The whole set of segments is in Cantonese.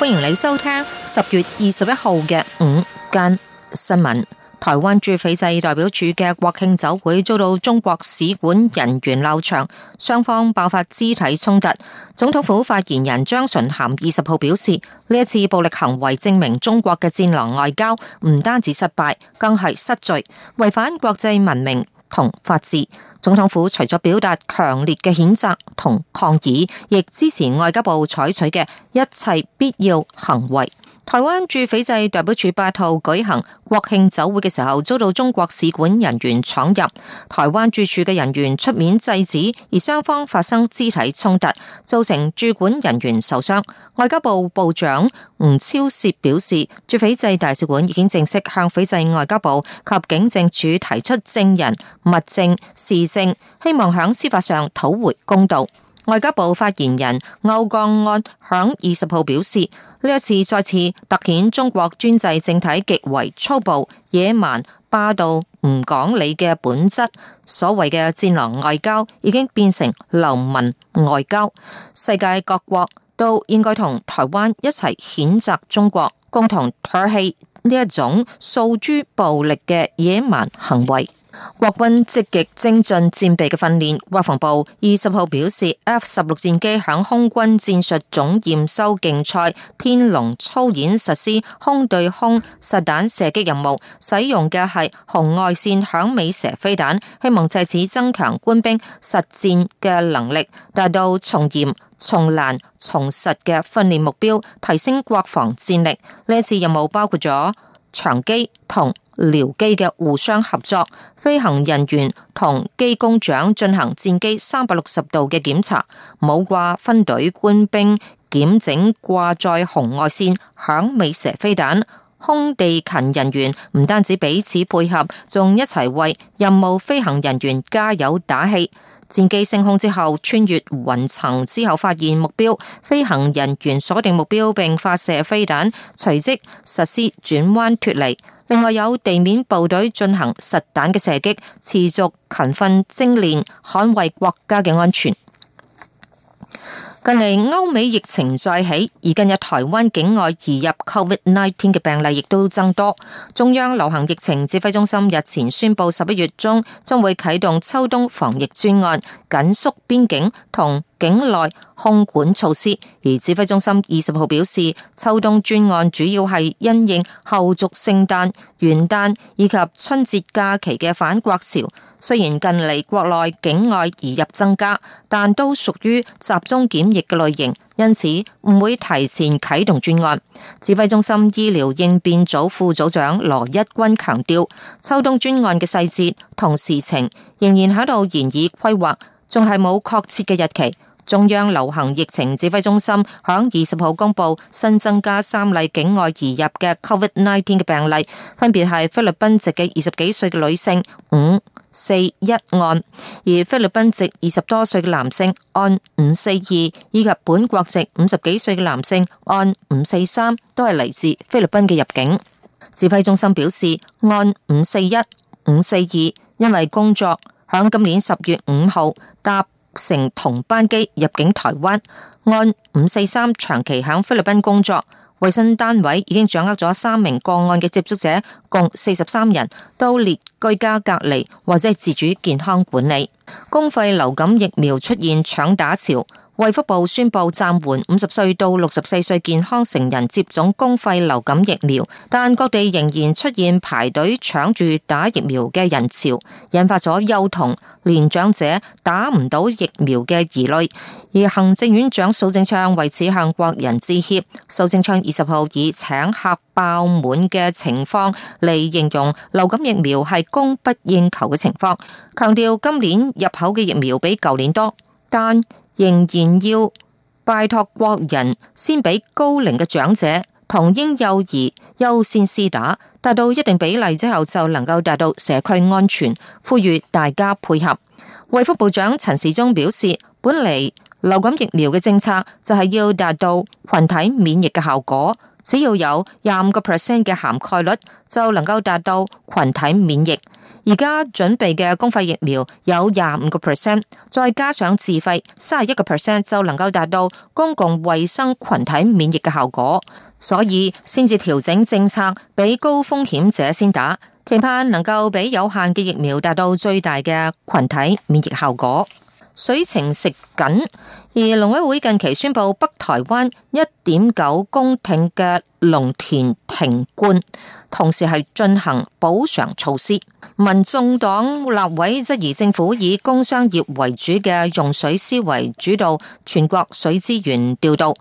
歡迎你收聽十月二十一號嘅午間新聞。台灣駐斐濟代表處嘅國慶酒會遭到中國使館人員鬧場，雙方爆發肢體衝突。總統府發言人張純涵二十號表示，呢一次暴力行為證明中國嘅戰狼外交唔單止失敗，更係失序，違反國際文明同法治，總統府除咗表達強烈嘅譴責同抗議，亦支持外交部採取嘅一切必要行為。台灣駐斐濟代表處八號舉行國慶酒會嘅時候，遭到中國使館人員闖入。台灣駐處嘅人員出面制止，而雙方發生肢體衝突，造成駐館人員受傷。外交部部長吳釗燮表示，駐斐濟大使館已經正式向斐濟外交部及警政署提出證人、物證、事證，希望響司法上討回公道。外交部發言人歐江安響二十號表示，呢一次再次凸顯中國專制政體極為粗暴、野蠻、霸道、唔講理嘅本質。所謂嘅戰狼外交已經變成流氓外交，世界各國都應該同台灣一齊譴責中國，共同唾棄呢一種訴諸暴力嘅野蠻行為。國軍積極精進戰備嘅訓練，國防部二十號表示，F 十六戰機響空軍戰術總驗收競賽天龍操演實施空對空實彈射擊任務，使用嘅係紅外線響尾蛇飛彈，希望借此增強官兵實戰嘅能力，達到從嚴、從難、從實嘅訓練目標，提升國防戰力。呢次任務包括咗長機同。僚機嘅互相合作，飛行人員同機工長進行戰機三百六十度嘅檢查，武掛分隊官兵檢整掛載紅外線響尾蛇飛彈。空地勤人員唔單止彼此配合，仲一齊為任務飛行人員加油打氣。戰機升空之後，穿越雲層之後，發現目標，飛行人員鎖定目標並發射飛彈，隨即實施轉彎脱離。另外有地面部隊進行實彈嘅射擊，持續勤奮精練，捍衛國家嘅安全。近嚟歐美疫情再起，而近日台灣境外移入 COVID-19 嘅病例亦都增多。中央流行疫情指揮中心日前宣布，十一月中將會啟動秋冬防疫專案，緊縮邊境同境內控管措施，而指揮中心二十號表示，秋冬專案主要係因應後續聖誕、元旦以及春節假期嘅返國潮。雖然近嚟國內境外移入增加，但都屬於集中檢疫嘅類型，因此唔會提前啟動專案。指揮中心醫療應變組副組長羅一軍強調，秋冬專案嘅細節同事情仍然喺度延議規劃，仲係冇確切嘅日期。中央流行疫情指揮中心響二十號公布新增加三例境外移入嘅 COVID-19 嘅病例，分別係菲律賓籍嘅二十幾歲嘅女性五四一案，而菲律賓籍二十多歲嘅男性案五四二，以及本國籍五十幾歲嘅男性案五四三，都係嚟自菲律賓嘅入境。指揮中心表示，案五四一、五四二，因為工作響今年十月五號搭乘同班機入境台灣，案五四三長期喺菲律賓工作，衛生單位已經掌握咗三名個案嘅接觸者，共四十三人，都列居家隔離或者係自主健康管理。公費流感疫苗出現搶打潮。衛福部宣布暫緩五十歲到六十四歲健康成人接種公費流感疫苗，但各地仍然出現排隊搶住打疫苗嘅人潮，引發咗幼童、年長者打唔到疫苗嘅疑慮。而行政院長蘇貞昌為此向國人致歉。蘇貞昌二十號以請客爆滿嘅情況嚟形容流感疫苗係供不應求嘅情況，強調今年入口嘅疫苗比舊年多。但仍然要拜託國人，先俾高齡嘅長者同嬰幼兒優先施打，達到一定比例之後就能夠達到社區安全。呼籲大家配合。衛福部長陳時中表示，本嚟流感疫苗嘅政策就係要達到群體免疫嘅效果，只要有廿五個 percent 嘅涵蓋率就能夠達到群體免疫。而家準備嘅公費疫苗有廿五個 percent，再加上自費三十一個 percent，就能夠達到公共衛生群體免疫嘅效果，所以先至調整政策，俾高風險者先打，期盼能夠俾有限嘅疫苗達到最大嘅群體免疫效果。水情食緊，而農委會近期宣布北台灣一點九公頃嘅農田停灌，同時係進行補償措施。民眾黨立委質疑政府以工商業為主嘅用水思維主導全國水資源調度。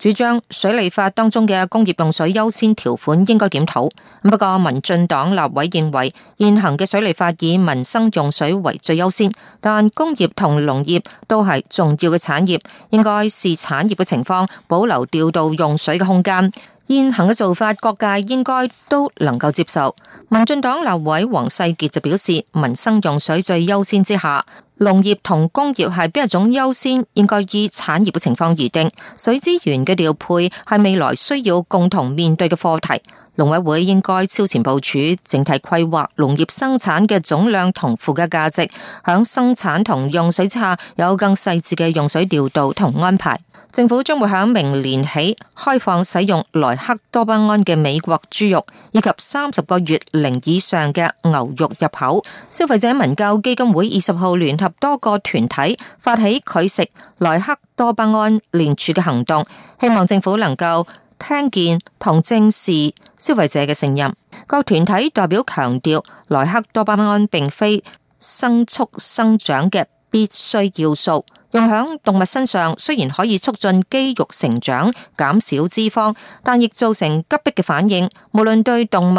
主張水利法當中嘅工業用水優先條款應該檢討。不過民進黨立委認為現行嘅水利法以民生用水為最優先，但工業同農業都係重要嘅產業，應該是產業嘅情況保留調度用水嘅空間。現行嘅做法各界應該都能夠接受。民進黨立委黃世杰就表示，民生用水最優先之下，農業同工業係邊一種優先，應該以產業嘅情況而定。水資源嘅調配係未來需要共同面對嘅課題。農委會應該超前部署整體規劃農業生產嘅總量同附加價值，響生產同用水之下有更細緻嘅用水調度同安排。政府將會響明年起開放使用萊克多巴胺嘅美國豬肉，以及三十個月齡以上嘅牛肉入口。消費者文教基金會二十號聯合。多個團體發起拒食萊克多巴胺連署嘅行動，希望政府能夠聽見同正視消費者嘅聲音。各團體代表強調，萊克多巴胺並非牲畜生長嘅必須要素。用響動物身上雖然可以促進肌肉成長、減少脂肪，但亦造成急迫嘅反應，無論對動物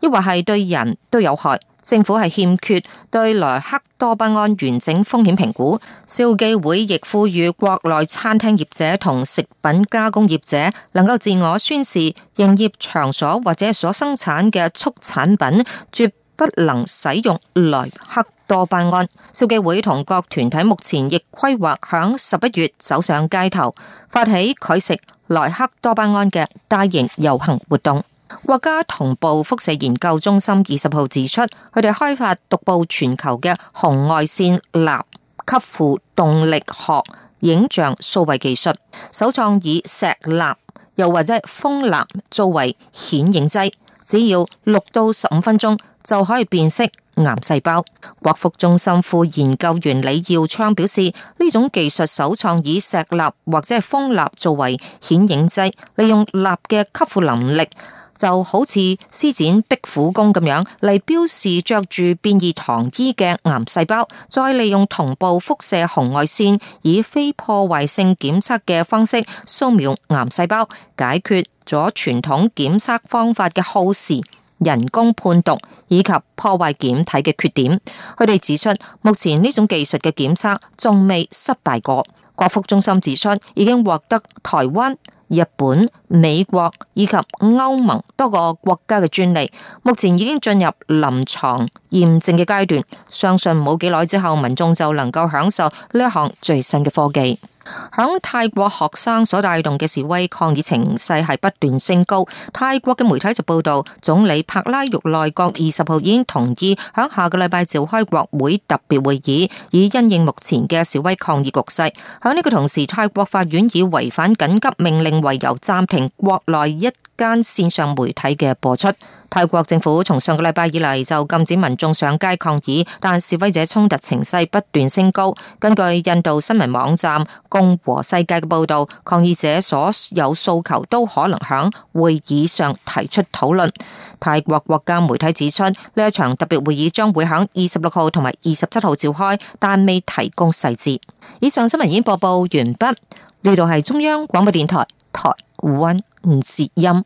抑或係對人都有害。政府係欠缺對萊克。多巴胺完整風險評估，消基會亦呼籲國內餐廳業者同食品加工業者能夠自我宣示，營業場所或者所生產嘅畜產品絕不能使用萊克多巴胺。消基會同各團體目前亦規劃響十一月走上街頭發起拒食萊克多巴胺嘅大型遊行活動。國家同步輻射研究中心二十號指出，佢哋開發獨步全球嘅紅外線蠟吸附動力學影像數位技術，首創以石蠟又或者係蜂蠟作為顯影劑，只要六到十五分鐘就可以辨識癌細胞。國輻中心副研究員李耀昌表示，呢種技術首創以石蠟或者係蜂蠟作為顯影劑，利用蠟嘅吸附能力。就好似施展壁虎功咁樣嚟，標示着住變異糖衣嘅癌細胞，再利用同步輻射紅外線以非破壞性檢測嘅方式掃描癌細胞，解決咗傳統檢測方法嘅耗時、人工判讀以及破壞檢體嘅缺點。佢哋指出，目前呢種技術嘅檢測仲未失敗過。國福中心指出，已經獲得台灣、日本、美國以及歐盟多個國家嘅專利，目前已經進入臨床驗證嘅階段，相信冇幾耐之後民眾就能夠享受呢一項最新嘅科技。響泰國學生所帶動嘅示威抗議情勢係不斷升高，泰國嘅媒體就報道總理帕拉育內閣二十號已經同意響下個禮拜召開國會特別會議，以因應目前嘅示威抗議局勢。響呢個同時，泰國法院以違反緊急命令為由暫停國內一。間線上媒體嘅播出，泰國政府從上個禮拜以嚟就禁止民眾上街抗議，但示威者衝突情勢不斷升高。根據印度新聞網站《共和世界》嘅報道，抗議者所有訴求都可能響會議上提出討論。泰國國家媒體指出，呢一場特別會議將會響二十六號同埋二十七號召開，但未提供細節。以上新聞已經播報完畢，呢度係中央廣播電台。台灣吳哲音。